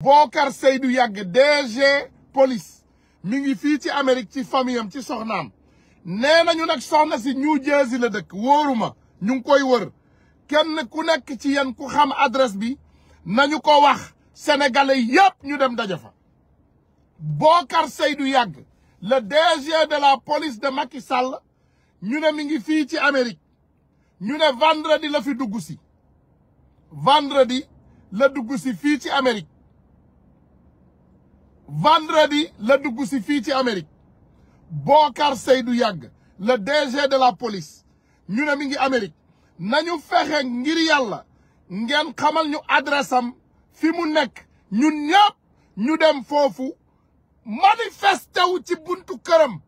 Bocar Seydou Yàgg DG police mi ngi fii ci Amérique ci famille ci soxnaam nee nañu nag soxna si New Jersey la dëkk wóoruma ñu ngi koy wër kenn ku nekk ci yéen ku xam adresse bi nañu ko wax sénégalais yépp ñu dem daje fa Bocar Seydou Yàgg le DG de la police de Macky sàll ñu ne mi ngi fii ci Amérique ñu ne vendredi la fi dugg si vendredi la dugg si fii ci Amérique vendredi la dugg si fii ci Amérique Bocar Seydou yag le DG de la police ñu ne mi ngi Amérique nañu fexe ngir yàlla ngeen xamal ñu adresse am fi mu nekk ñun ñu dem fofu manifesté wu ci buntu këram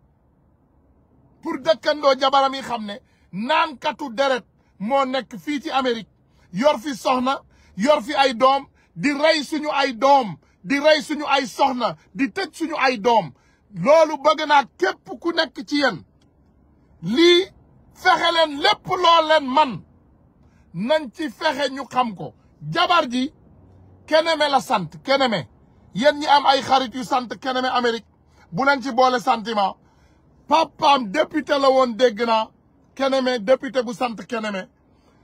pour dëkkandoo jabaram yi xam ne naankatu deret moo fiti Amerik, ci Amérique yor fi soxna yor fi ay dom di rey suñu ay dom di rey suñu ay soxna di tëj suñu ay doom loolu bëgg naa képp ku nekk ci yéen lii fexe leen lépp loo leen man nañ ci fexe ñu xam ko jabar ji keneme la sant keneme yéen ñi am ay xarit yu sant keneme Amérique bu nañ ci boole sentiment papaam député la woon dégg naa keneme député bu sant keneme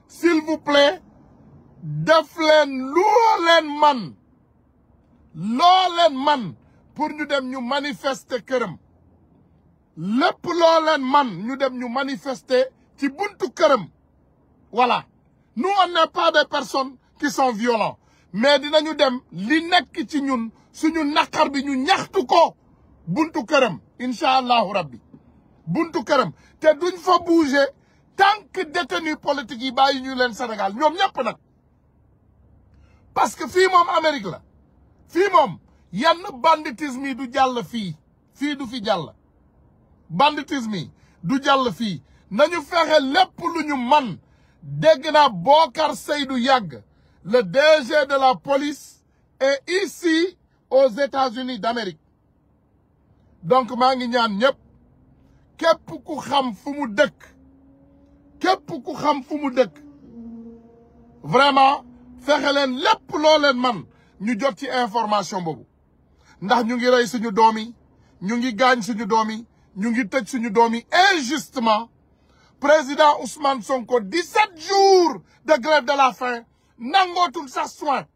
s'il vous plaît man C'est man pour nous dem nous manifester Nous lepp man ñu dem manifester ci buntu Kerem. voilà nous on n'est pas des personnes qui sont violentes mais dinañu dem li nekk ci ñun suñu nakar bi ñu ñaxtu ko buntu këram inshallah rabbi buntu Kerem. té duñ fa bouger tant que détenu politique yi nous ñu leen Sénégal ñom ñep parce que fi mom Amérique la fii moom yenn banditisme du jall fi fi du fi jall banditisme du jall fi nañu fexé lepp luñu man dégg naa Seydou yag. le DG de la police est ici aux États-Unis d'Amérique donc ma ngi ñaan ñep képp ku xam fu mu dëkk képp ku xam dëkk vraiment fexé len lepp man ñu jot ci information boobu ndax ñu ngi rey suñu doom yi ñu ngi gaañ suñu doom yi ñu ngi tëj suñu doom yi injustement président Ousmane Sonko 17 jours de grève de la faim nangootul sax soin